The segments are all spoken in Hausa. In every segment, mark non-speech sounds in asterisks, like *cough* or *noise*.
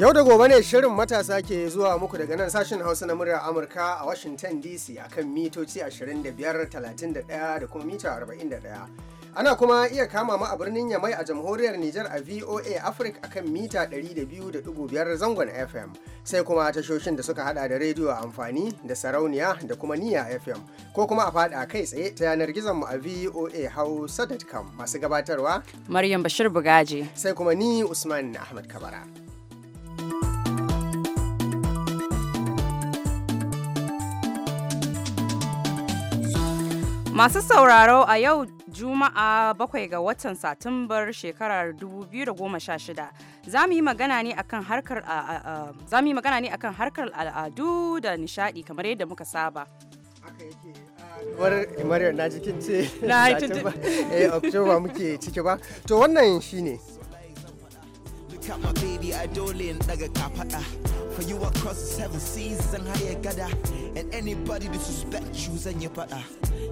Yau da gobe ne shirin matasa ke zuwa muku daga nan sashen Hausa na muryar Amurka a Washington DC akan mitoci 25.31 da kuma mita 41. Ana kuma iya kama mu a birnin Yamai a jamhuriyar Nijar a VOA Africa akan mita 200.5 zangon FM sai kuma tashoshin da suka hada da rediyo amfani da sarauniya da kuma niya FM ko kuma a fada kai tsaye ta yanar gizon mu a VOA Hausa.com masu gabatarwa Maryam Bashir Bugaji sai kuma ni Usman Ahmad Kabara. Masu sauraro a yau Juma'a bakwai ga watan Satumbar shekarar 2016 za mu yi magana ne akan harkar al'adu da nishadi kamar yadda muka saba. war Maryam na jikin ce Satumba, eh, Oktoba muke ciki ba. To wannan shi ne. Cut my baby like a kafada. For you across the seven seas and higher gada. And anybody disrespect you and your pata.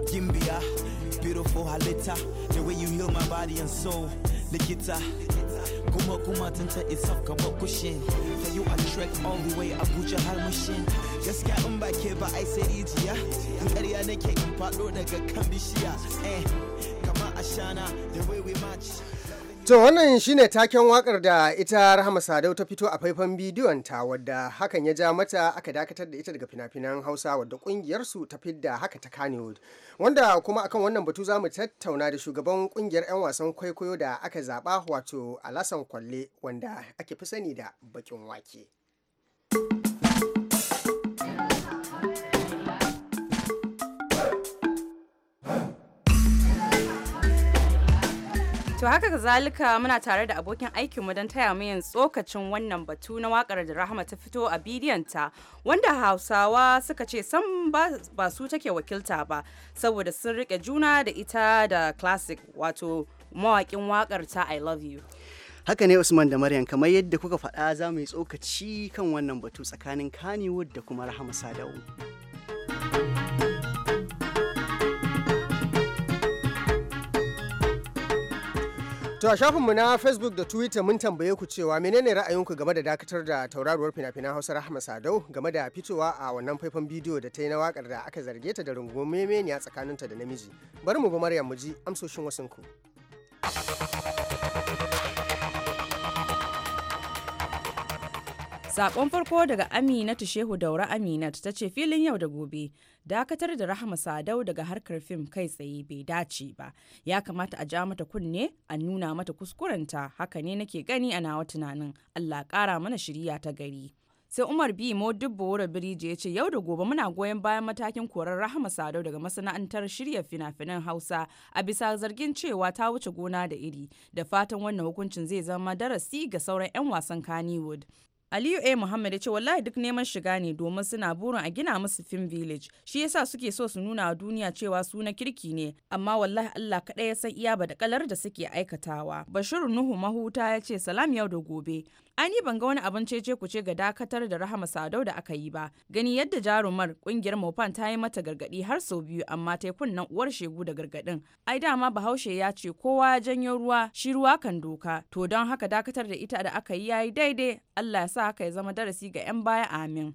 Gimbia, beautiful halita. The way you heal my body and soul. Likita, kuma kuma tunta isaf kamar kushin. For you I trek all the way Abuja by mushin. Gaskiya in ba ke ba ai sai rijiya. In ƙarya nake in faɗo daga be bishiya. Eh, kama ashana the way we match. To wannan shine taken wakar da ita Rahama Sadau ta fito a faifan bidiyon ta wadda hakan ya ja mata aka dakatar da ita daga fina-finan Hausa wadda kungiyar su ta fidda haka ta Kanewood. Wanda kuma akan wannan batu za mu tattauna da shugaban kungiyar 'yan wasan kwaikwayo da aka zaba wato Alasan Kwalle wanda ake fi sani da bakin wake. To haka zalika muna tare da abokin aikinmu don taya mu yin tsokacin wannan batu na wakar da Rahama ta fito a ta wanda Hausawa suka ce san ba su take wakilta ba saboda sun rike juna da ita da classic wato mawakin wakar ta I love you. haka ne usman da maryam kamar yadda kuka faɗa za mu yi tsokaci kan wannan batu tsakanin kaniwood da kuma rahama sadau To a shafinmu na Facebook da Twitter mun tambaye ku cewa menene ra'ayinku game da dakatar da tauraruwar fina-finan Hausa rahma Sadau game da fitowa a wannan faifan bidiyo da ta yi na wakar da aka zarge ta da memeniya tsakaninta da namiji. Bari mu bi Maryam mu ji amsoshin ku Sakon farko daga Aminatu Shehu Daura Aminat ta ce filin yau da gobe dakatar da rahama sadau daga harkar fim kai tsaye bai dace ba ya kamata a ja mata kunne a nuna mata kuskurenta haka ne nake gani a nawa tunanin allah kara mana shirya ta gari sai umar bi mo modibbo wura biriji ya ce yau da gobe muna goyon bayan matakin korar rahama sadau daga masana'antar shirya fina-finan hausa a bisa zargin cewa ta wuce gona da iri da fatan wannan hukuncin zai zama darasi ga sauran 'yan wasan kannywood Aliyu A. Muhammad ya ce wallahi duk neman shiga ne domin suna burin a gina musu film village shi yasa suke so su nuna wa duniya cewa su na kirki ne amma wallahi Allah kaɗai ya san iya ba da suke aikatawa. Bashiru Nuhu Mahuta ya ce salam yau da gobe. Ani ban ga wani abin cece ku ce ga dakatar da Rahama Sadau da aka yi ba. Gani yadda jarumar kungiyar Mofan ta yi mata gargaɗi har sau biyu amma ta kunnan uwar shegu da gargaɗin Ai dama Bahaushe ya ce kowa janyo ruwa shi ruwa kan doka. To don haka dakatar da ita da aka yi ya yi daidai Allah ya sa haka ya zama darasi ga 'yan baya amin.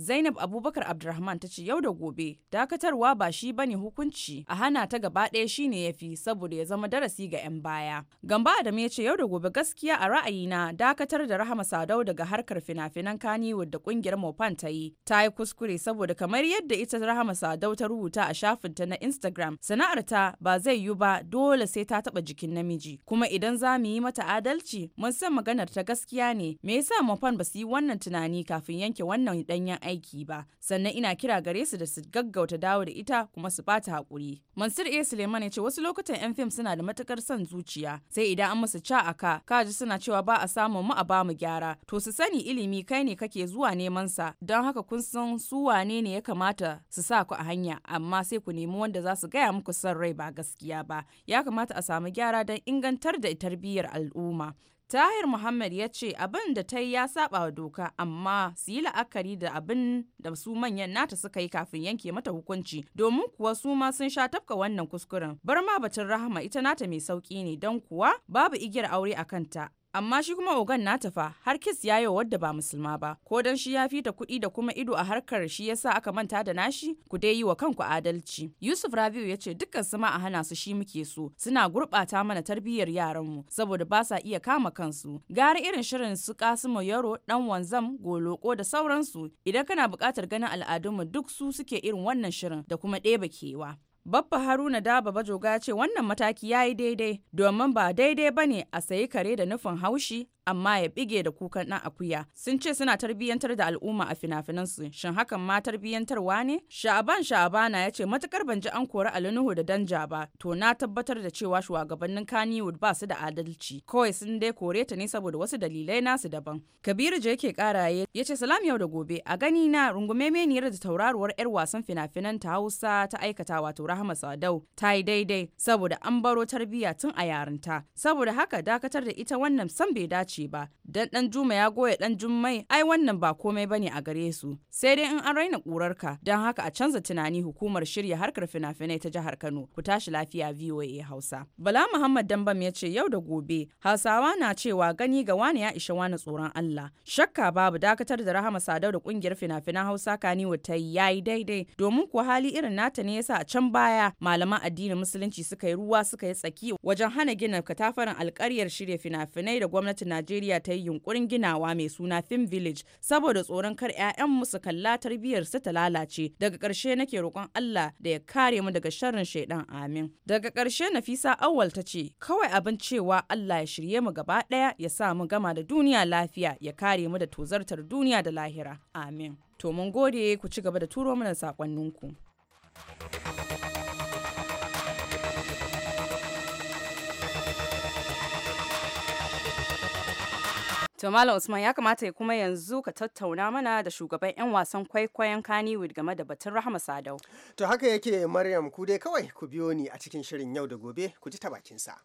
Zainab Abubakar Abdurrahman ta ce yau da gobe dakatarwa ba shi ba ne hukunci a hana ta gaba ɗaya ya fi saboda ya zama darasi ga 'yan baya. Gamba Adam ya ce yau da gobe gaskiya a ra'ayina dakatar da Rahama Sadau daga harkar fina-finan Kannywood da kungiyar Mopan ta yi ta yi kuskure saboda kamar yadda ita Rahama Sadau ta rubuta a shafinta na Instagram sana'ar ta ba zai yi ba dole sai ta taba jikin namiji kuma idan za mu yi mata adalci mun san maganar ta gaskiya ne me yasa Mopan ba su yi wannan tunani kafin yanke wannan danyen aiki ba sannan ina kira gare su da su gaggauta dawo da ita kuma su bata hakuri mansur a suleiman ya ce wasu lokutan yan fim suna da matukar son zuciya sai idan an musu ca aka ka ji suna cewa ba a samun mu a bamu gyara to su sani ilimi kai ne kake zuwa neman sa don haka kun san su wane ne ya kamata su sa ku a hanya amma sai ku nemi wanda za su gaya muku son rai ba gaskiya ba ya kamata a samu gyara don ingantar da tarbiyyar al'umma Tahir Muhammad ya ce abin da ta yi ya saba wa doka amma su yi la'akari da abin da su manyan nata suka yi kafin yanke mata hukunci domin kuwa su ma sun sha tafka wannan kuskuren. Barma batun Rahama ita nata mai sauki ne don kuwa babu igiyar aure a kanta amma shi kuma ogan na tafa har kis ya yi wadda ba musulma ba ko dan shi ya fita kuɗi da kuma ido a harkar shi yasa aka manta da nashi ku dai yi wa kanku adalci yusuf rabiu ya ce dukkan su ma a hana su shi muke so suna gurɓata mana tarbiyyar yaranmu saboda ba sa iya kama kansu gara irin shirin su kasimu yaro dan wanzam goloko da sauransu idan kana bukatar ganin al'adunmu duk su suke irin wannan shirin da kuma ɗebe kewa baffa Haruna Daba Bajoga ce wannan mataki ya yi daidai domin ba daidai ba ne a sayi kare da nufin haushi amma ya bige da kukan ɗan akuya sun ce suna tarbiyyantar da al'umma a finafinansu shin hakan ma tarbiyyantarwa ne sha'aban sha'abana ya ce matukar ban ji an kori alinuhu da danja ba to na tabbatar da cewa shugabannin kaniwood ba su da adalci kawai sun dai kore ta ne saboda wasu dalilai nasu daban kabiru je yake karaye ya ce salam yau da gobe a gani na rungume meniyar da tauraruwar yar wasan finafinan ta hausa ta aikata wato rahama sadau ta yi daidai saboda an baro tarbiyya tun a yarinta saboda haka dakatar da ita wannan san bai dace ce ba dan dan juma ya goya dan jummai ai wannan ba komai bane a gare su sai dai in an raina kurar ka dan haka a canza tunani hukumar shirya harkar finafinai ta jihar Kano ku tashi lafiya VOA Hausa Bala Muhammad Dambam ya ce yau da gobe Hausawa na cewa gani ga wani ya isha wani tsoron Allah shakka babu dakatar da Rahama Sadau da kungiyar fina Hausa kaniwa ta yi yayi daidai domin ku hali irin nata ne yasa a can baya malaman addinin musulunci suka yi ruwa suka yi tsaki wajen hana gina katafaren alƙaryar shirya fina-finai da gwamnati na Najeriya ta yi yunkurin ginawa mai suna Film Village saboda tsoron kar 'ya'yan su kalla tarbiyyar su ta lalace. Daga ƙarshe nake roƙon Allah da ya kare mu daga sharrin shaidan amin. Daga ƙarshe Nafisa Awwal ta ce kawai abin cewa Allah ya shirye mu gaba ɗaya ya sa mu gama da duniya lafiya ya kare mu da tozartar duniya da lahira. Amin. To mun gode ku ci gaba da turo mana saƙonninku. To Malam Usman ya kamata ya kuma yanzu ka tattauna mana da shugaban 'yan wasan kwaikwayon Kannywood game da batun Rahama Sadau. To haka yake Maryam ku dai kawai ku biyo ni a cikin shirin yau da gobe ku ji ta bakinsa.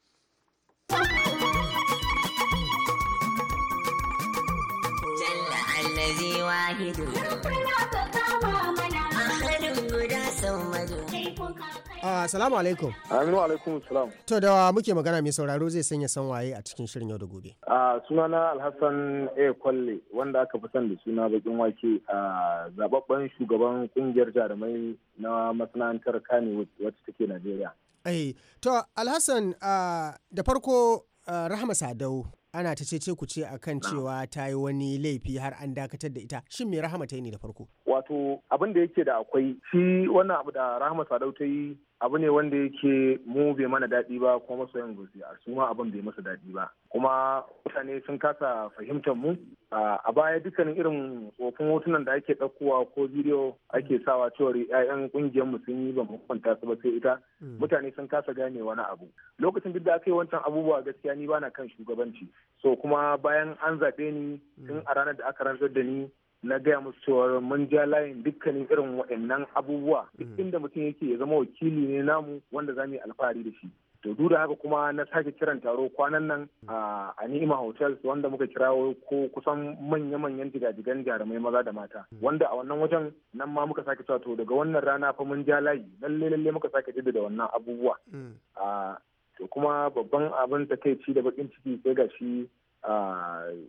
Assalamu alaikum. Aminu alaikum salam. To da muke magana mai sauraro zai sanya san waye a cikin shirin yau da gobe. A sunana Alhassan A Kwalle wanda aka fi san da suna bakin wake a zababben shugaban kungiyar jarumai na masana'antar kane wacce take Najeriya. Eh to Alhassan da farko rahma Sadau ana ta ce ku ce akan cewa ta yi wani laifi har an dakatar da ita shin me rahma ta yi ne da farko? wato abin da yake da akwai shi wannan abu da rahama sadau ta yi abu ne wanda yake mu bai mana daɗi ba kuma yan gusiya su ma abin bai masa daɗi ba kuma mutane sun kasa fahimtar mu a baya dukkanin irin tsofin hotunan da ake ɗaukowa ko bidiyo ake sawa cewa 'ya'yan ƙungiyar mu sun yi ba mu kwanta su ba sai ita mm. mutane sun kasa gane wani abu lokacin duk da aka yi wancan abubuwa gaskiya ni bana kan shugabanci so kuma bayan an zaɓe ni tun mm. a ranar da aka rantsar da ni na gaya musu cewa mun ja layin dukkanin irin waɗannan abubuwa duk mm. inda mutum yake ya zama wakili ne namu wanda za mu yi alfahari da shi to duk da haka kuma na sake kiran taro kwanan nan mm. a ni'ima hotels wanda muka kira ko kusan manya-manyan jigajigan jarumai maza da mata mm. wanda a wannan wajen nan ma muka sake cewa to daga wannan rana fa mun ja layi lalle lalle muka sake da wannan abubuwa to kuma babban abin takaici da bakin ciki sai ga shi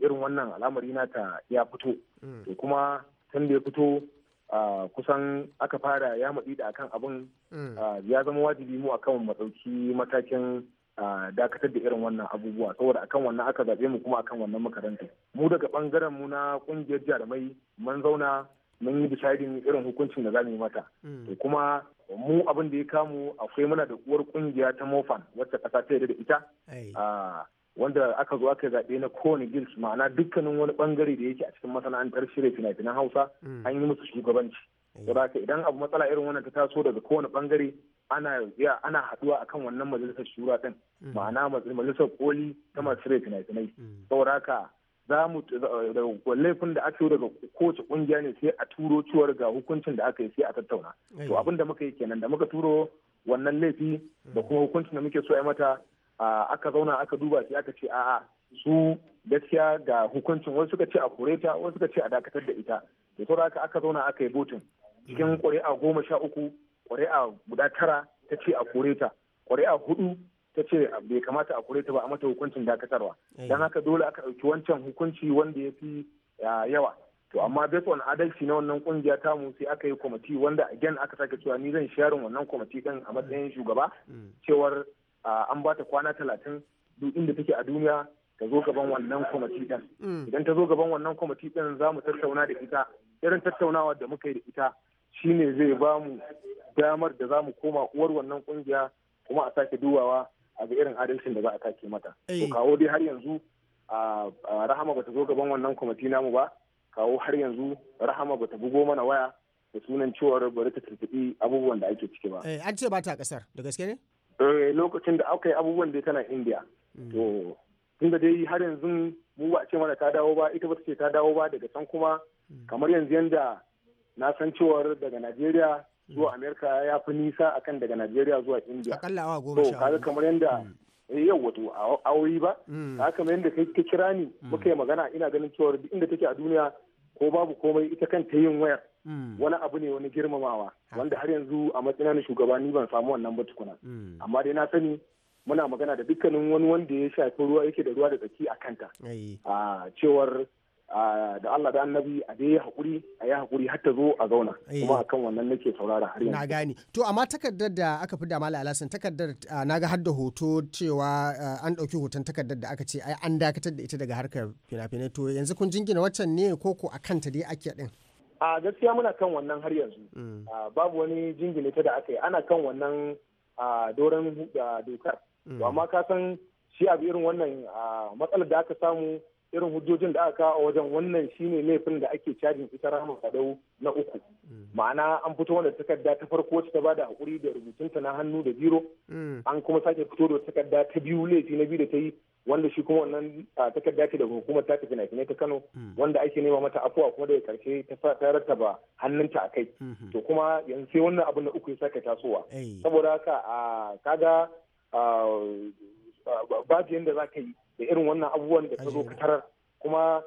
irin wannan al'amari ta ya fito mm. to kuma tun da ya fito kusan aka fara ya maɗi da akan abin mm. ya zama wajibi mu akan matsauki matakin dakatar da irin wannan abubuwa saboda akan wannan aka zaɓe mu kuma akan wannan makaranta mu daga ɓangaren mu na ƙungiyar jarumai mun zauna mun yi deciding irin hukuncin da za mu yi mata mm. to kuma mu abin da ya kamu akwai muna da uwar ƙungiya ta mofan wacce ƙasa ta yarda da ita wanda aka zo aka zaɓe na kowane gils ma'ana dukkanin wani bangare da yake a cikin masana'antar shirya fina-finan hausa mm. an yi musu shugabanci eh. saboda idan abu matsala irin wannan ta taso daga kowane bangare ana ya ana haduwa akan wannan majalisar shura din mm. ma'ana majalisar koli ta masu shirya fina-finai mm. saboda haka za mu laifin da aka yi daga kowace kungiya ne sai a turo ciwar ga hukuncin da aka yi sai a tattauna to eh. abin da muka yi kenan da muka turo wannan laifi da kuma hukuncin da muke so a mata aka zauna aka duba sai aka ce a'a su gaskiya ga hukuncin wasu suka ce a kore ta wasu suka ce a dakatar da ita da saboda haka aka zauna aka yi botin cikin mm. ƙuri'a goma sha uku ƙuri'a guda tara ta ce a kore ta ƙuri'a hudu ta ce bai kamata a kore ta ba a mata hukuncin dakatarwa don haka dole aka ɗauki wancan hukunci wanda ya fi yawa to amma based on adalci na wannan kungiya mu sai aka yi kwamiti wanda again aka sake cewa ni zan sharin wannan kwamiti kan a matsayin shugaba mm. cewar an ba ta kwana talatin duk inda take a duniya ta zo gaban wannan kwamiti ɗin mm. idan ta zo gaban wannan kwamiti ɗin za mu tattauna da ita irin tattaunawa da muka yi da ita shine zai ba mu damar da za mu koma uwar wannan kungiya kuma a sake duwawa a ga irin adalcin da za a kake mata eh. to kawo dai har yanzu rahama bata zo gaban wannan kwamiti namu ba kawo har yanzu rahama bata bugo mana waya da sunan cewar bari ta tuntuɓi abubuwan da ake ciki ba eh, an ce ba ta kasar da gaske ne Eh, lokacin da aka yi abubuwan da tana indiya mm. to tun da dai har yanzu mu ba ce mana ta dawo ba ita ba ce ta dawo ba daga can kuma mm. kamar yanzu yanda na san cewar daga najeriya mm. zuwa amerika ya fi nisa akan daga najeriya zuwa indiya to eh, kaga kamar yanda yau wato awoyi ba haka kamar yanda kai kira ni muka yi magana ina ganin cewar duk inda take a duniya ko babu komai ita kan ta yin wayar Mm. wani abu ne wani girmamawa wanda har yanzu a matsina na shugabani ban samu wannan ba tukuna mm. amma dai na sani muna magana da dukkanin wani wanda ya shafi ruwa yake da ruwa da tsaki a kanta a cewar da Allah da annabi a dai ya haƙuri a ya haƙuri har ta zo a zauna kuma akan wannan nake saurara har yanzu. Na gane. To amma takardar da aka fi da Mala Alasan takardar na ga har da hoto cewa an ɗauki hoton takardar da aka ce ai an dakatar da ita daga harkar fina-finai to yanzu kun jingina waccan ne ko ko a kanta dai ake din? a gaskiya muna kan wannan har yanzu mm. babu wani jingine ta da aka yi ana kan wannan doron dokar mm. amma ka san shi abu irin wannan matsalar da aka samu irin hujjojin da aka kawo wajen wannan shine laifin da ake cajin ita ramin fadau na uku mm. ma'ana an fito wanda takarda ta farko wacce ta bada hakuri da rubutunta na hannu da biro an kuma sake fito da takarda ta biyu laifi na biyu da ta yi wanda shi kuma wannan takarda ce daga hukumar ta tafi ne ta Kano hmm. wanda ake nema mata afuwa kuma daga karshe ta sa ta rattaba hannunta a kai hmm, hmm. to kuma yanzu sai wannan abin da uku ya sake tasowa saboda haka kaga babu yanda za ka yi da irin wannan abubuwan da ta zo ka tarar kuma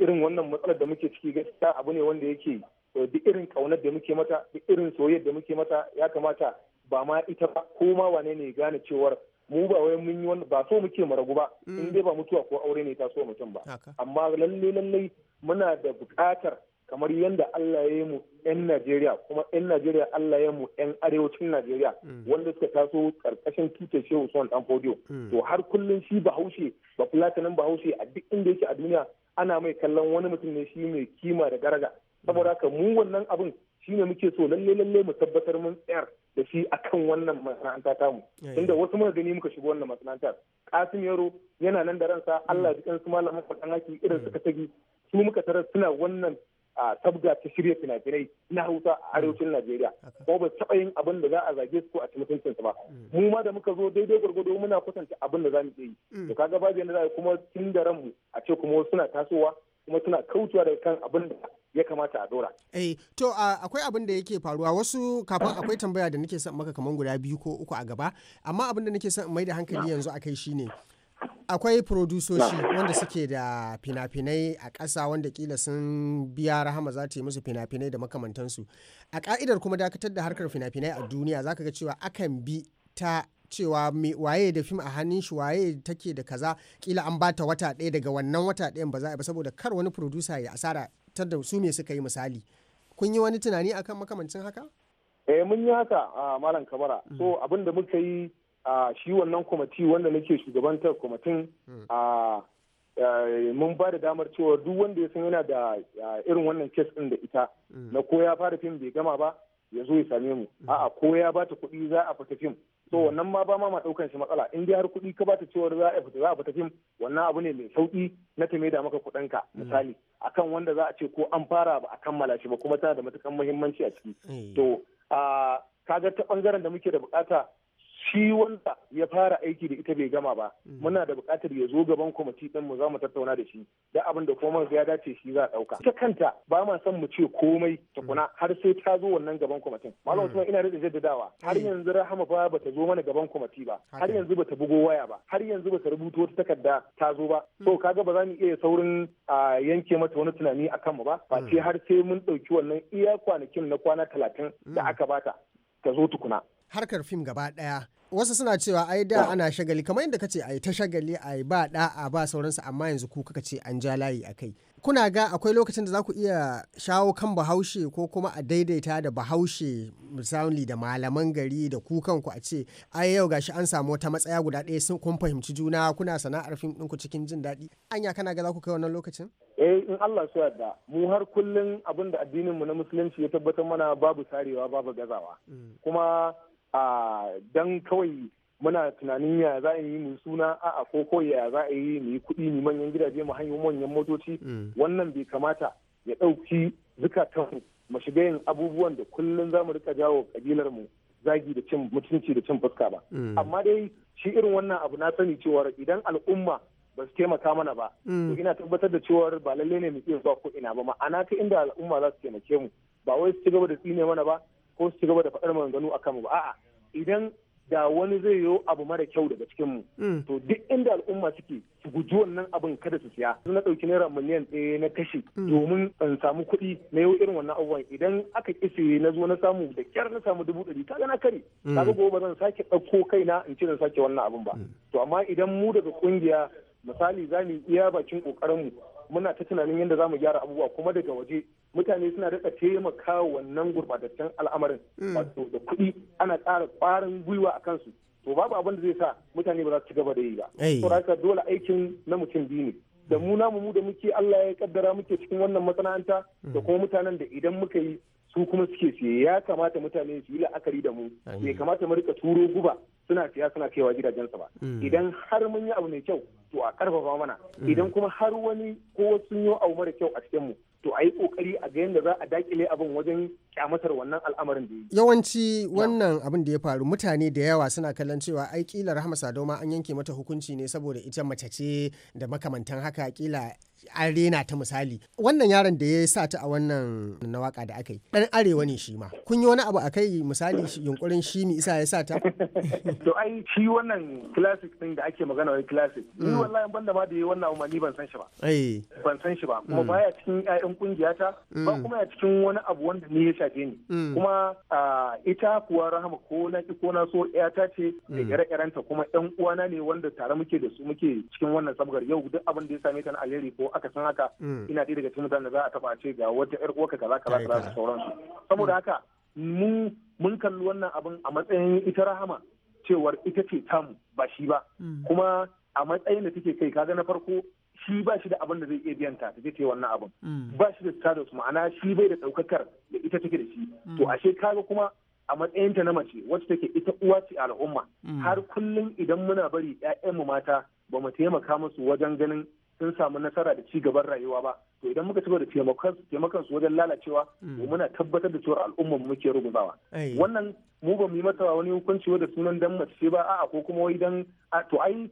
irin wannan matsalar da muke ciki gaskiya abu ne wanda yake eh, duk irin kaunar da muke mata duk irin soyayyar da muke mata ya kamata ba ma ita ba ko ma wane ne gane cewar mu ba wai mun yi wani ba so muke maragu ba mm. in dai ba mutuwa ko aure ne ta so mutum ba amma lalle lalle muna da bukatar kamar yadda Allah ya yi mu 'yan Najeriya kuma 'yan Najeriya Allah ya yi mu 'yan arewacin Najeriya mm. wanda suka taso karkashin tutar Shehu Usman Dan Fodio mm. to har kullum shi Bahaushe ba ba Bahaushe a duk inda yake a duniya ana mai kallon wani mutum ne shi mai kima da daraja saboda haka mu wannan abin shine muke so lalle lalle mu tabbatar mun tsayar da shi akan wannan masana'anta ta tamu inda wasu muna gani muka shiga wannan masana'antar kasim yaro yana nan da ransa mm. Allah ji kansu malaman kwaɗan haki irin suka mm. tagi su muka tarar suna wannan tabga ta shirya fina-finai na hausa a mm. arewacin najeriya ko ba taɓa yin abin da za a zage su ko a ci mutuncin ba mu ma da muka zo daidai gwargwado muna kusanta abin da za mu yi to kaga babu yadda za a kuma tun da ranmu a ce kuma wasu suna tasowa kuma suna kautuwa daga kan abin da ya kamata a dora. Eh, to akwai abin da yake faruwa wasu kafin akwai tambaya da nake son maka kamar guda biyu ko uku a gaba amma abin da nake son mai da hankali yanzu akai shine akwai produsoshi wanda suke da fina-finai a ƙasa wanda kila sun biya rahama za ta yi musu fina-finai da makamantansu a ka'idar kuma dakatar da harkar fina-finai a duniya zaka ga cewa akan bi ta cewa me waye da fim a hannun shi waye take da kaza kila an bata wata ɗaya daga wannan wata ɗayan ba za a ba saboda kar wani producer ya asara ta da su me suka yi misali kun yi wani tunani akan makamancin haka eh mun yi haka a malam kamara mm. so abin da muka yi a shi wannan kwamiti wanda nake shugabantar kwamitin mm. a mun ba da damar cewa duk wanda ya san yana da irin wannan kes ɗin da ita mm. na ko ya fara fim bai gama ba ya zo ya same mu a'a ko ya bata kuɗi za a fita fim so hmm. wannan ma ba ma ma daukan shi matsala in dai har kuɗi ka bata cewar za a fita za a fita fim wannan abu ne mai sauki na ta da maka kuɗin ka hmm. misali akan wanda za a ce ko an fara ba a kammala shi ba kuma tana da matukan muhimmanci a ciki hmm. to a ah, kaga ta bangaren da muke da bukata shi wanda ya fara aiki da ita bai gama ba mm. muna da bukatar ya zo gaban kwamiti dan mu za mu tattauna da shi da abin da kuma ya dace shi za a dauka. ita kanta ba ma son mu ce komai tukuna mm. har sai ta zo wannan gaban kwamitin malam mm. usman ina da jaddadawa har yanzu rahama ba bata zo mana gaban kwamiti ba har yanzu bata bugo waya ba har yanzu bata rubuto wata takarda ta zo ba so kaga ba za mu iya saurin yanke mata wani tunani akan mu ba ce har sai mun dauki wannan iya kwanakin na kwana talatin da aka bata ta zo tukuna harkar fim gaba ɗaya wasu suna cewa ai da ana shagali kamar yadda kace ai ta shagali ai ba da'a ba sauransu amma yanzu ku kaka ce an ja layi a kai kuna ga akwai lokacin da za ku iya shawo kan bahaushe ko kuma a daidaita da bahaushe misali da malaman gari da kukanku a ce ai yau gashi an samu wata matsaya guda ɗaya sun kun fahimci juna kuna sana'ar fim ɗinku cikin jin daɗi anya kana ga za ku kai wannan lokacin eh in Allah su yarda mu har kullun abinda da addinin mu na musulunci ya tabbatar mana babu sarewa babu gazawa mm. kuma a dan kawai muna tunanin ya za a yi mu suna a'a ko ko ya za a yi mu yi kuɗi mu manyan gidaje mu hanyo manyan motoci mm. wannan bai kamata ya ɗauki zukatan mu shiga yin abubuwan da kullum za mu rika jawo kabilar mu zagi da cin mutunci da cin fuska ba mm. amma dai shi irin wannan abu na sani cewa idan al'umma ba su taimaka mana ba to mm. ina tabbatar da cewa ba lalle ne mu iya zuwa ko ina ba ma'ana ta inda al'umma za su taimake mu ba wai su ci gaba da tsine mana ba ko su ci gaba da faɗar maganganu a kanmu ba a'a idan da wani zai yo abu mara kyau daga cikin mu mm. to duk inda al'umma suke su guji wannan abin kada su siya na ɗauki naira miliyan ɗaya na kashe mm. domin in samu kuɗi na yau irin wannan abubuwan idan aka kise na zo na samu da kyar na samu dubu ɗari kaga na kare mm. kaga gobe ba zan sake ɗauko kaina in ce zan sake wannan abin ba to amma idan mu daga ƙungiya misali za mu iya bakin ƙoƙarinmu muna ta tunanin yadda za mu gyara abubuwa kuma daga waje mutane suna daɗa taimaka wannan gurbataccen al'amarin mm. wato da kuɗi ana ƙara ƙwarin gwiwa a kansu to babu abin da zai sa mutane ba za su ci gaba da yi ba saboda dole aikin na mutum biyu ne da mu namu mu da muke Allah ya kaddara muke cikin wannan masana'anta mm. da kuma mutanen da idan muka yi su kuma suke siye ya kamata mutane su yi la'akari da mu bai kamata mu rika turo guba suna siya suna kaiwa gidajensa ba hmm. idan har mun yi abu mai kyau to a karfafa mana hmm. idan kuma har wani ko sun yi abu mara kyau a cikin mu to a yi kokari a ga yadda za a dakile abin wajen kyamatar wannan al'amarin da yi. Yawanci wannan abin da ya faru mutane da yawa suna kallon cewa ai kila Rahama Sadoma an yanke mata hukunci ne saboda ita mace ce da makamantan haka kila an rena ta misali wannan yaron da ya sa ta a wannan na waka da aka yi dan arewa ne shi ma kun yi wani abu a kai misali yunkurin shi mi isa ya sa ta *laughs* to ai shi wannan classic din da ake magana wai classic ni mm. wallahi ban da ma da wannan abu ni ban san shi ba eh. ban san shi ba kuma mm. baya cikin ƴaƴan ta mm. ba kuma ya cikin wani abu wanda ni ya shafe ni kuma ita kuwa rahama ko na ki ko na so ƴata ce da ire-irenta kuma ƴan uwana ne wanda tare muke da su muke cikin wannan sabgar yau duk abin da ya same ta na alheri ko aka san haka mm. ina ɗi daga cikin mutanen da za a taɓa ce ga wata ƴar uwarka kaza kaza kaza da sauransu saboda mm. haka mu mun kalli wannan abin a matsayin ita rahama cewar ita ce tamu ba shi ba mm. kuma a matsayin da take kai kaga na farko shi ba shi da abin da zai iya biyan ta ta ce wannan abun. ba shi da status ma'ana shi bai da daukakar da ita take da shi to ashe kaga kuma a matsayinta na mace wacce take ita uwa ce al'umma har kullum idan muna bari mu mata ba mu taimaka musu wajen ganin sun samu nasara da ci gaban rayuwa ba to idan muka ci gaba da taimakon su wajen lalacewa mm. muna tabbatar da cewa al'ummar muke rugubawa wannan mu ba mu yi mata wani hukunci da sunan dan mace ba a'a ko kuma wai dan to ai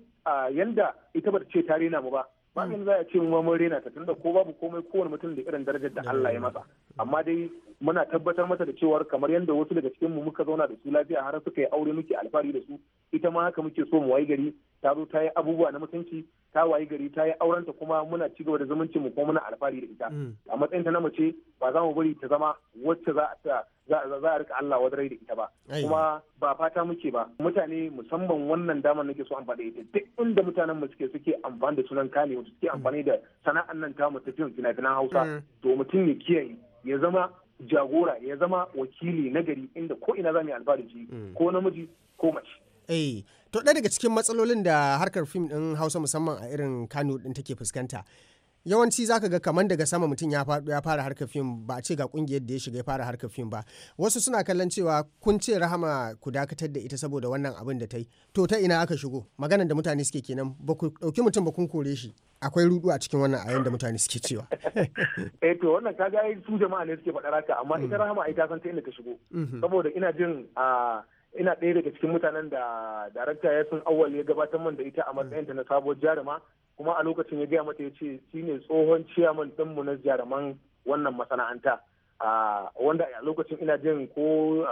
yanda ita ba ta ce ta rena mu ba ba mm. za a ce mu mun rena ta tunda ko babu komai kowane mutum da irin darajar da Allah ya masa amma dai muna tabbatar masa da cewar kamar yanda wasu daga cikin mu muka zauna da su lafiya har suka yi aure muke alfahari da su ita ma haka muke so mu wayi gari ta zo ta yi abubuwa na mutunci ta wayi gari ta yi aurenta kuma muna ci gaba da zumunci mu kuma muna alfahari da ita mm. a matsayin ta na mace ba za mu bari ta zama wacce za ta za a rika Allah wadarai da ita ba kuma ba fata muke ba mutane musamman wannan damar nake so amfani da ita duk inda mutanen mu suke suke amfani da sunan kane wato suke mm. amfani da sana'an nan ta ta fiye fina-finan Hausa mm. to mutum ya kiyaye ya zama jagora ya zama wakili nagari inda ko ina za mu yi alfahari ko namiji ko mace eh to ɗaya daga cikin matsalolin da harkar fim ɗin hausa musamman a irin kano ɗin take fuskanta yawanci zaka ga kamar daga sama mutum ya ya fara harkar fim ba a ce ga kungiyar da ya shiga ya fara harkar fim ba wasu suna kallon cewa kun ce rahama ku dakatar da ita saboda wannan abin da ta yi to ta ina aka shigo maganan da mutane suke kenan ba ku ɗauki mutum ba kun kore shi akwai rudu a cikin wannan ayan da mutane suke cewa *laughs* eh to wannan ga su jama'a ne suke faɗa haka amma ita mm. rahama ai ta san ta inda ta shigo mm-hmm. saboda ina jin a ah, ina ɗaya daga cikin mutanen da darakta ya sun awal ya gabatar man da ita a matsayinta na sabuwar jaruma kuma a lokacin ya gaya mata ya ce shi ne tsohon ciyaman ɗinmu na jaruman wannan masana'anta wanda a lokacin ina jin ko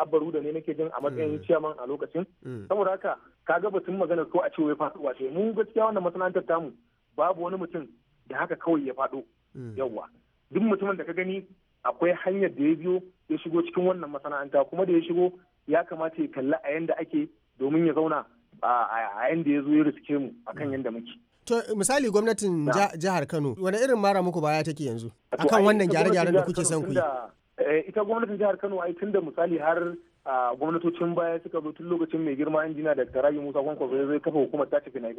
abaru da ne nake jin a matsayin mm. ciyaman a lokacin mm. saboda haka ka ga batun magana ko a ce wai faɗuwa ce mu gaskiya wannan masana'antar tamu babu wani mutum da haka kawai ya faɗo mm. yawwa duk mutumin da ka gani akwai hanyar da ya biyo ya shigo cikin wannan masana'anta kuma da ya shigo ya kamata ya kalla a yanda ake domin ya zauna a yanda ya zo ya riske mu a kan yanda muke to misali gwamnatin jihar Kano wani irin mara muku baya take yanzu akan wannan gyare-gyaren da kuke son ku yi eh, ita gwamnatin jihar Kano ai tunda misali har a gwamnatocin baya suka zo tun lokacin mai girma injina da tarayi musa kwankwa ya zai kafa hukumar tace finai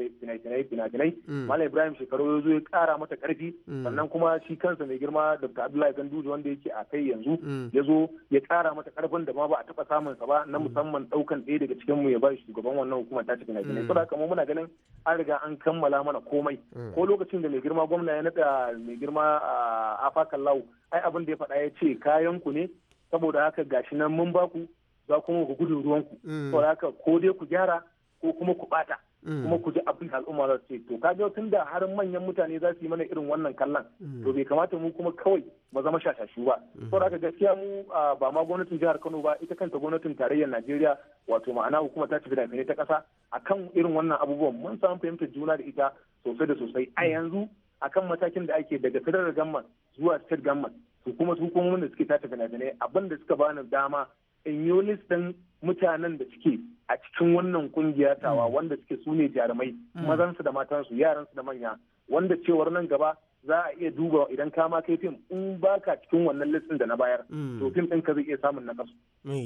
finai mm. malam ibrahim shekaru ya zo ya kara mata karfi mm. sannan kuma shi kansa mai girma da abdullahi ganduje wanda yake a kai yanzu mm. ya zo ya kara mata karfin da ma ba a taba samun sa ba na musamman daukan ɗaya daga cikin mu ya ba shugaban wannan hukumar tafi finai finai saboda kamar muna ganin an riga an kammala mana komai ko lokacin da mai girma gwamna ya nada mai girma a afakan lau ai abin da ya faɗa ya ce kayan ku ne saboda haka gashi nan mun baku za kuma ku gudu ruwanku to mm. haka ko dai ku gyara ko kuma ku bata mm. kuma ku ji abin da al'umma za su ce to kaga tun da har manyan mutane za su yi mana irin wannan kallon mm. to bai kamata mu kuma kawai ba zama shashashu ba to haka gaskiya mu ba ma gwamnatin jihar Kano ba ita kanta gwamnatin tarayyar Najeriya wato ma'ana hukumar ta tafi da ta kasa akan irin wannan abubuwan mun samu fahimtar juna da ita sosai da sosai a yanzu akan matakin da ake daga federal gamman zuwa state gamman hukumar hukumomin da suke tafi da finai abin da suka bani dama in yi listin mutanen da suke a cikin wannan kungiya tawa mm. wanda suke su ne jarumai mm. mazansu da matansu yaransu da manya wanda cewar nan gaba za a iya duba idan ka ma kai fim in ba ka cikin wannan listin da na bayar mm. to fim ɗin ka zai iya samun nakasu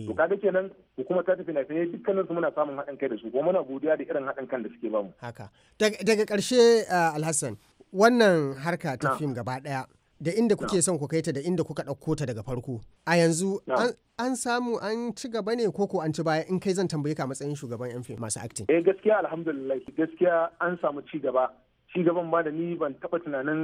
to kaga kenan kuma ta tafi na lafiya dukkanin su muna samun haɗin kai da su kuma muna godiya da irin haɗin kan da suke bamu haka daga ƙarshe uh, alhassan wannan harka ta fim gaba ɗaya da inda kuke son ku kai ta da inda kuka ɗauko ta daga farko a yanzu an samu an ci gaba ne ko ko an ci baya in kai zan tambaye ka matsayin shugaban yan fim masu acting eh gaskiya alhamdulillah gaskiya an samu ci gaba ci gaban ba da ni ban taba tunanin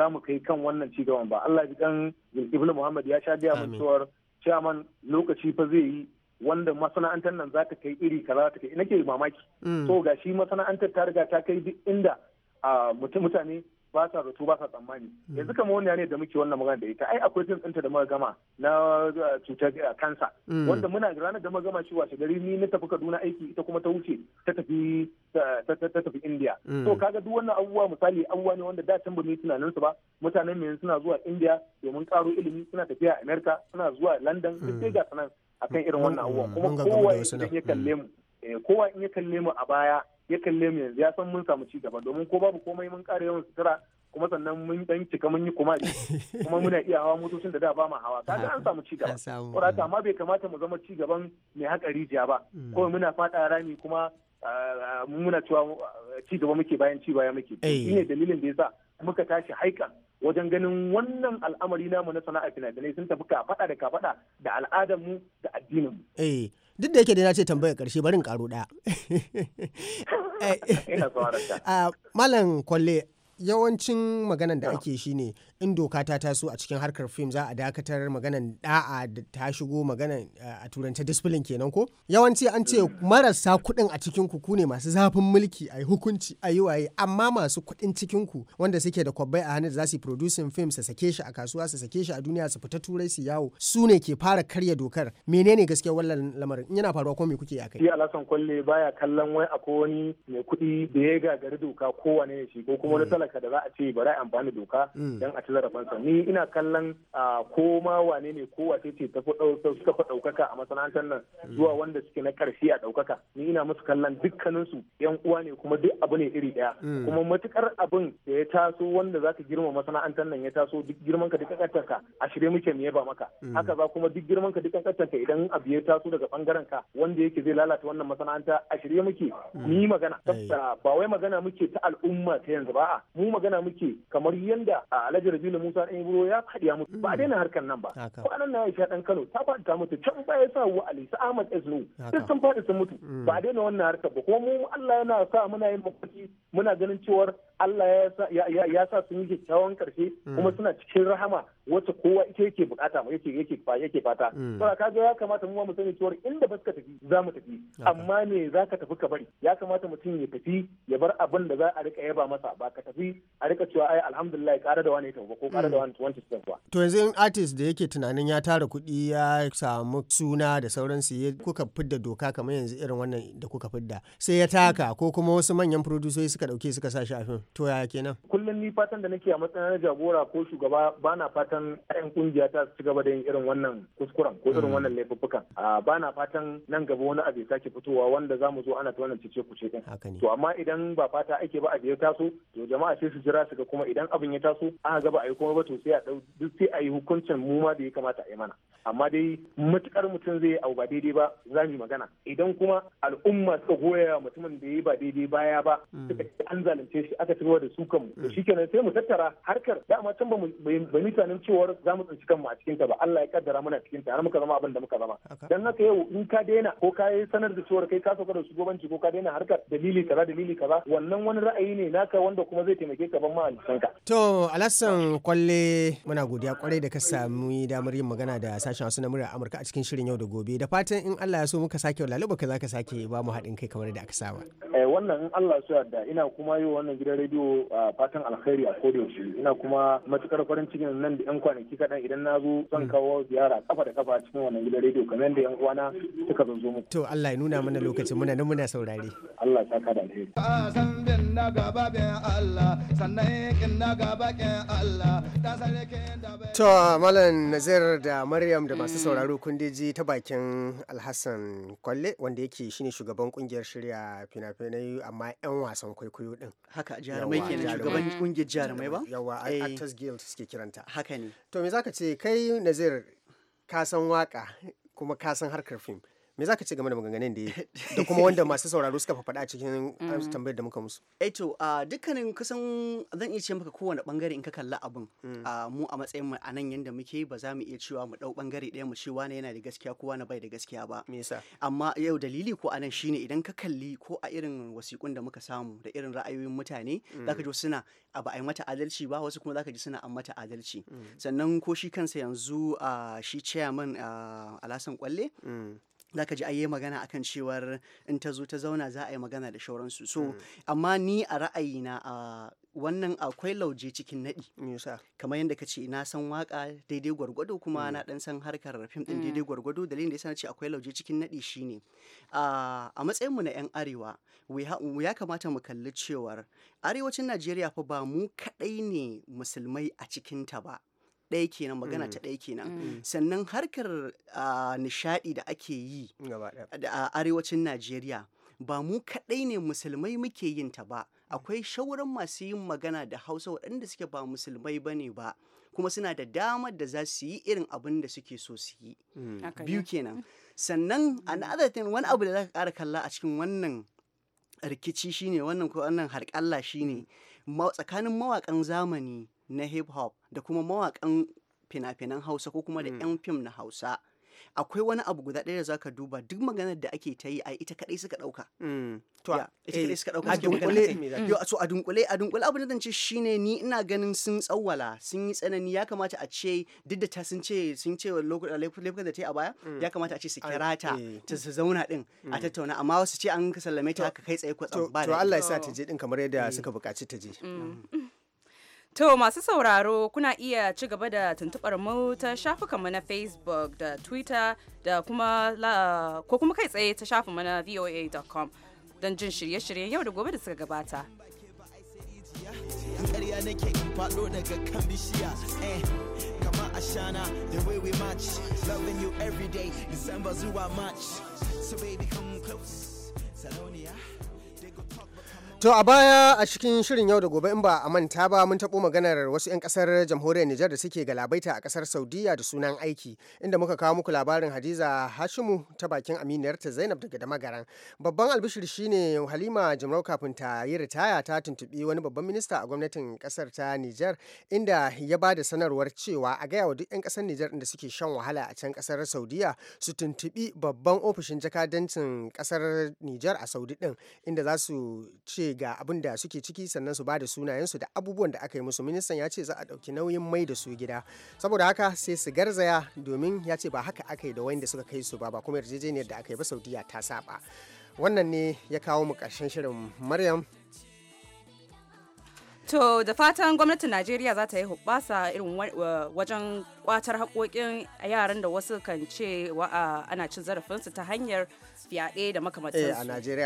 za mu kai kan wannan ci gaban ba Allah ji dan Ibn Muhammad ya sha gaya mun cewa chairman lokaci fa zai yi wanda masana'antar nan za ta kai iri kaza ta kai nake mamaki so mm. gashi masana'antar ta riga ta kai duk inda ah, mutane ba sa zato ba sa tsammani hmm. yanzu kamar wani ne da muke wannan magana da ita ai akwai jin tsinta da muka gama na uh, cutar kansa uh, hmm. wanda muna ranar da muka gama shi wace gari ni na tafi Kaduna aiki ita kuma ta wuce ta tafi uh, ta tafi India hmm. to kaga duk wannan abubuwa misali abubuwa ne wanda da can ba mu su ba mutanen mu suna zuwa India domin karo ilimi suna tafiya America suna zuwa London duk dai ga sanan akan irin wannan abubuwa kuma kowa ya kalle mu Eh, kowa in ya kalle mu a baya ya kalle mu yanzu ya san mun samu ci gaba domin ko babu komai mun kare yawan sutura kuma sannan mun dan cika mun yi kuma *laughs* kuma muna iya hawa motocin da da ba mu hawa kaga an samu ci gaba saboda amma bai kamata mu zama ci gaban mai haka rijiya ba mm. kawai muna fada rami kuma muna cewa ci gaba muke bayan ci baya muke eh. shine dalilin da yasa muka tashi haika wajen ganin wannan al'amari namu na sana'a fina-finai sun tafi kafaɗa da kafaɗa da al'adarmu da addinin mu eh. duk da yake da na ce tambayar karshe barin karo ɗaya *laughs* *laughs* eh, eh, eh, ah, malam kwalle yawancin maganan da ake ne. in doka ta taso a cikin harkar fim za a dakatar maganan da'a da ta shigo magana eh, a turance discipline kenan ko yawanci an ce marasa kuɗin a cikin ku ne masu zafin mulki a hukunci a yi waye amma masu kuɗin cikin ku wanda suke da kwabbai a hannun za su producing film su sake shi a kasuwa su sake shi a duniya su fita turai su yawo su ne ke fara karya dokar menene gaskiya wannan lamarin yana faruwa ko me kuke kai ya alasan kwalle baya kallon wai a wani mai kuɗi da ya gagari doka kowane ne shi ko kuma wani hmm. talaka da za a ce bari amfani doka hmm. zarafansa ni ina kallon ko ma wane ne ko wace ce ta suka fi ɗaukaka a masana'antar nan mm. zuwa wanda suke na ƙarshe a ɗaukaka ni ina musu kallon dukkaninsu yan uwa ne kuma duk abu ne iri ɗaya mm. kuma matukar abin da ya taso wanda zaka girma masana'antar nan ya taso duk girman ka duk ka a shirye muke mu yaba maka mm. haka za kuma duk girman ka duk ka idan abu ya taso daga bangaren ka wanda yake zai lalata wannan masana'anta a shirye muke ni magana ba wai magana muke ta al'umma ta yanzu ba mu magana muke kamar yanda alhaji Rabilu Musa ɗan Ibro ya faɗi ya mutu ba a hmm. daina harkar nan ba kwanan na Aisha ɗan Kano ta faɗi ta mutu can baya sa wa Ali sa Ahmad Esnu duk sun faɗi sun mutu hmm. ba a daina wannan harkar ba kuma mu Allah yana sa muna yin mafarki muna ganin cewa Allah ya sa sun yi kyakkyawan karshe hmm. kuma suna cikin rahama wacce kowa ita yake bukata yake yake yake fata to kaga ya kamata mu mu sani cewa inda ba suka tafi za mu tafi amma ne za ka tafi ka bari ya kamata mutum ya tafi ya bar abin da za a rika yaba masa ba ka tafi a rika cewa ai alhamdulillah kara da wani ta ba ko ƙara da 1% mm. ba. To yanzu in artist da yake tunanin ya tara kuɗi ya samu suna da sauransu ya kuka fidda doka kamar yanzu irin wannan da kuka fidda sai ya taka ko kuma wasu manyan producers suka ɗauke suka sa shi a fim to yaya kenan. Kullum ni fatan da nake a matsayin jagora ko shugaba ba na fatan 'yan kungiya ta ci gaba da yin irin wannan kuskuren ko irin mm. wannan laifuffukan. na fatan nan gaba wani abu ya sake fitowa wanda za mu zo ana ta wannan cece kuce To amma idan ba fata ake ba abu ya taso to jama'a sai su jira su ga kuma idan abin ya taso aka ba a yi kuma ba to sai a dau duk sai a yi hukuncin mu ma da ya kamata a yi mana amma dai matukar mutum zai abu ba daidai ba za mu yi magana idan kuma al'umma suka goya mutumin da ya ba daidai baya ba hmm. suka an zalunce shi aka cigaba da su kanmu to hmm. shikenan sai mu tattara harkar dama can ba mu mutanen cewar za mu tsinci kanmu a cikin ta ba Allah ya kaddara mana cikin ta har muka zama abin da muka zama dan haka yau in ka daina ko ka yi sanar da cewar kai ka sauka da shugabanci ko ka daina harkar dalili kaza dalili kaza wannan wani ra'ayi ne naka wanda kuma zai taimake ka ban ma to alassan kwalle muna godiya kwarai da ka sami damar yin magana da sashen wasu na murar Amurka a cikin shirin yau da gobe da fatan in Allah ya so muka sake lalubar ka zaka sake ba mu haɗin kai kamar da aka saba. Eh, wannan in Allah so yarda ina kuma yi wannan gidan rediyo fatan alkhairi a kodayaushe ina kuma matukar farin cikin nan da yan kwanaki kaɗan idan na zo zan mm. kawo ziyara kafa da kafa cikin wannan gidan rediyo kamar da yan uwana suka zo muku. To Allah ya nuna mana lokacin muna nan muna saurare. Allah ya saka da alheri. San bin na gaba bin Allah sannan kin na gaba kin Allah. To Malam Nazir da Maryam da masu sauraro kun ji ta bakin Alhassan Kwalle wanda yake shine shugaban kungiyar shirya fina-finai amma 'yan wasan kwaikwayo din. Haka jarumai kenan shugaban kungiyar jarumai ba? Yawa eh. Actors Guild suke kiranta. Haka ne. To me zaka ce kai Nazir ka san waka kuma ka san harkar fim. me za ka ce game da maganganun da *laughs* da kuma wanda masu sauraro suka faɗa a cikin ah, mm. tambayar da muka musu eh to ah, dukkanin kusan zan iya ce maka kowane bangare in ka kalla abin mm. ah, mu a matsayin mu a nan yanda muke ba za mu iya cewa mu dau bangare ɗaya mu ce wani yana da gaskiya ko wani bai da gaskiya ba me yasa amma yau dalili ko a nan shine idan ka kalli ko a irin wasikun da muka samu da irin ra'ayoyin mutane zaka mm. ji suna a ba a yi mata adalci ba wasu kuma zaka ji suna an mata adalci sannan ko shi kansa yanzu shi chairman Alhassan Kwalle zaka ji ayi magana akan cewar in ta zo ta zauna za a yi magana da shauransu so hmm. amma ni a ra'ayina a wannan akwai lauje cikin naɗi kamar yadda ka ce na san waka daidai gwargwado kuma hmm. na dan san harkar fim din hmm. daidai gwargwado dalilin da ya na ce akwai lauje cikin naɗi shine a matsayinmu na yan arewa ya kamata mu kalli cewar arewacin najeriya fa ba mu kaɗai ne musulmai a cikinta ba ɗaya kenan magana ta mm. ɗaya kenan mm. sannan harkar ah, nishaɗi da ake yi a arewacin najeriya ba mu kaɗai ne musulmai muke yin ta ba akwai shauran masu yin magana da hausa waɗanda suke ba musulmai ba ne ba kuma suna da damar da za su yi irin abin da suke so su yi mm. biyu kenan sannan another thing wani abu da za ka ƙara kalla a cikin wannan rikici shine wannan ko wannan harƙalla shine tsakanin mawakan zamani na hip hop da kuma mawakan fina-finan hausa ko kuma da 'yan mm. fim na hausa akwai wani abu guda ɗaya da za ka duba duk maganar da ake ta yi a ita kadai suka ɗauka. Mm. To eh, A dunkule. a dunkule a dunkule abin da shine ni ina ganin sun tsawwala sun yi tsanani ya kamata a ce duk da ta sun ce sun ce laifukan da ta yi a baya mm. ya kamata a ce su kira ta eh. ta su zauna din a tattauna amma wasu ce an sallame ta ka kai tsaye ko ba. To Allah ya sa ta je din kamar yadda suka buƙaci ta je. To masu sauraro kuna iya ci gaba da tuntubar mu ta shafukanmu na Facebook da Twitter da kuma la, ko kuma kai tsaye ta shafinmu na voa.com don jin shirye-shiryen yau da gobe da suka gabata. Ƙarya nake in faɗo daga kan bishiya, eh, kama ashana the way we match, loving you every day, December zuwa March, so baby come close, To a baya a cikin shirin yau da gobe in ba a manta ba mun taɓo maganar wasu 'yan ƙasar jamhuriyar Nijar da suke galabaita a ƙasar Saudiya da sunan aiki inda muka kawo muku labarin Hadiza Hashimu ta bakin aminiyarta Zainab daga da magaran. Babban albishir shine Halima Jimrau kafin ta yi ritaya ta tuntuɓi wani babban minista a gwamnatin ƙasar ta Nijar inda ya ba da sanarwar cewa a gaya wa duk 'yan ƙasar Nijar da suke shan wahala a can ƙasar Saudiya su tuntuɓi babban ofishin jakadancin ƙasar Nijar a Saudi ɗin inda za su ce ga abin da suke ciki sannan su ba da sunayensu da abubuwan da aka yi musu ministan ya ce za a ɗauki nauyin mai da su gida saboda haka sai su garzaya domin ya ce ba haka aka yi da wanda suka kai su ba ba kuma yarjejeniyar da aka yi ba saudiya ta saba wannan ne ya kawo mu ƙarshen shirin maryam To da fatan gwamnatin Najeriya za ta yi hubbasa irin wajen kwatar haƙoƙin yaran da wasu kan ce ana cin zarafinsu ta hanyar fyaɗe da makamantansu. Eh, a Najeriya